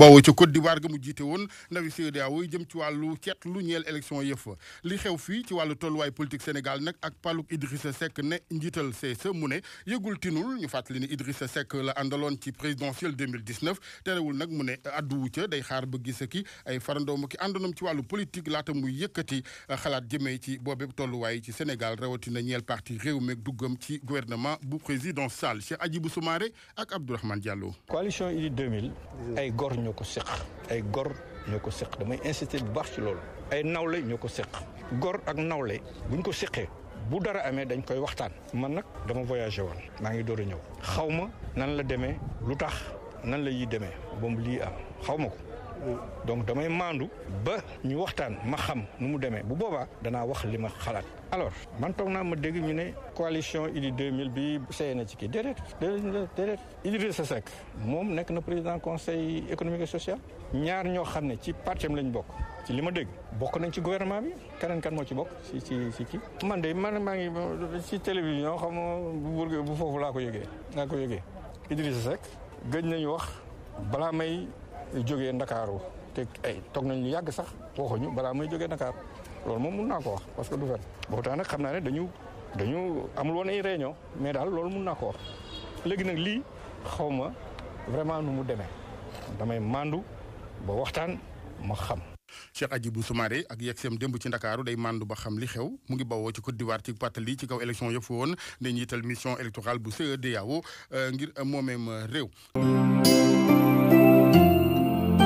bawoo ca Côte d'Ivoire ga mu jiite woon ndawi CEDEAO jëm ci wàllu ceetlu ñeel élection yëf li xew fii ci wàllu tolluwaay politique Sénégal nag ak paluk Idrissa Seck ne njiital CESE mu ne yëgul tinul ñu fàttali ni Idrissa Seck la àndaloon ci présidentielle 2019 terewul nag mu ne adduwu ca day xaar ba gisa ki ay farandoom ki àndoonam ci wàllu politique laata muy yëkkati uh, xalaat jëmee ci boobe tolluwaay ci Sénégal rawatina ñeel parti réew meeg duggam ci gouvernement bu président Sall Cheikh Hadjibou Soumaré ak Abdourahmane Diallo coalition Idy 2000 ay góor ñu ñoo ko seq ay gor ñoo ko seq damay insister bu baax ci loolu ay nawle ñoo ko seq gor ak nawle buñ ko seqee bu dara amee dañ koy waxtaan man nag dama voyagé woon maa ngi door a ñëw xaw ma nan la demee lu tax nan la yi demee ba lii am xawma ko donc damay maandu ba ñu waxtaan ma xam nu mu demee bu boobaa danaa wax li ma xalaat alors man toog naa ma dégg ñu ne coalition Idy 2000 bi sey na ci kii déedéet déedéet déedéet Idrissa Seck moom nekk na président conseil économique et social ñaar ñoo xam ne ci parti am lañ bokk ci li ma dégg bokk nañ ci gouvernement bi keneen kan moo ci bokk si si si kii man de man maa ngi ci télévision xam bu bu foofu laa ko yëgee laa ko yëgee Idrissa Seck gëj nañu wax balaa may jógee ndakaaru te ay eh, toog nañ lu yàgg sax waxuñu balaa mooy jóge Dakar loolu moom mun naa ko wax parce que du fen boobu xam naa ne dañu dañu amul woon ay réunion mais daal loolu mun naa ko léegi nag lii xawma vraiment nu mu demee damay màndu ba waxtaan ma xam Cheikh Hadjibou Soumaré ak yegsem démb ci ndakaaru day màndu ba xam li xew mu ngi bawoo ci Côte d'Ivoire ci pàttali ci kaw élection yëpp woon day njiital mission électorale bu CEDEAO euh, ngir moomeem réew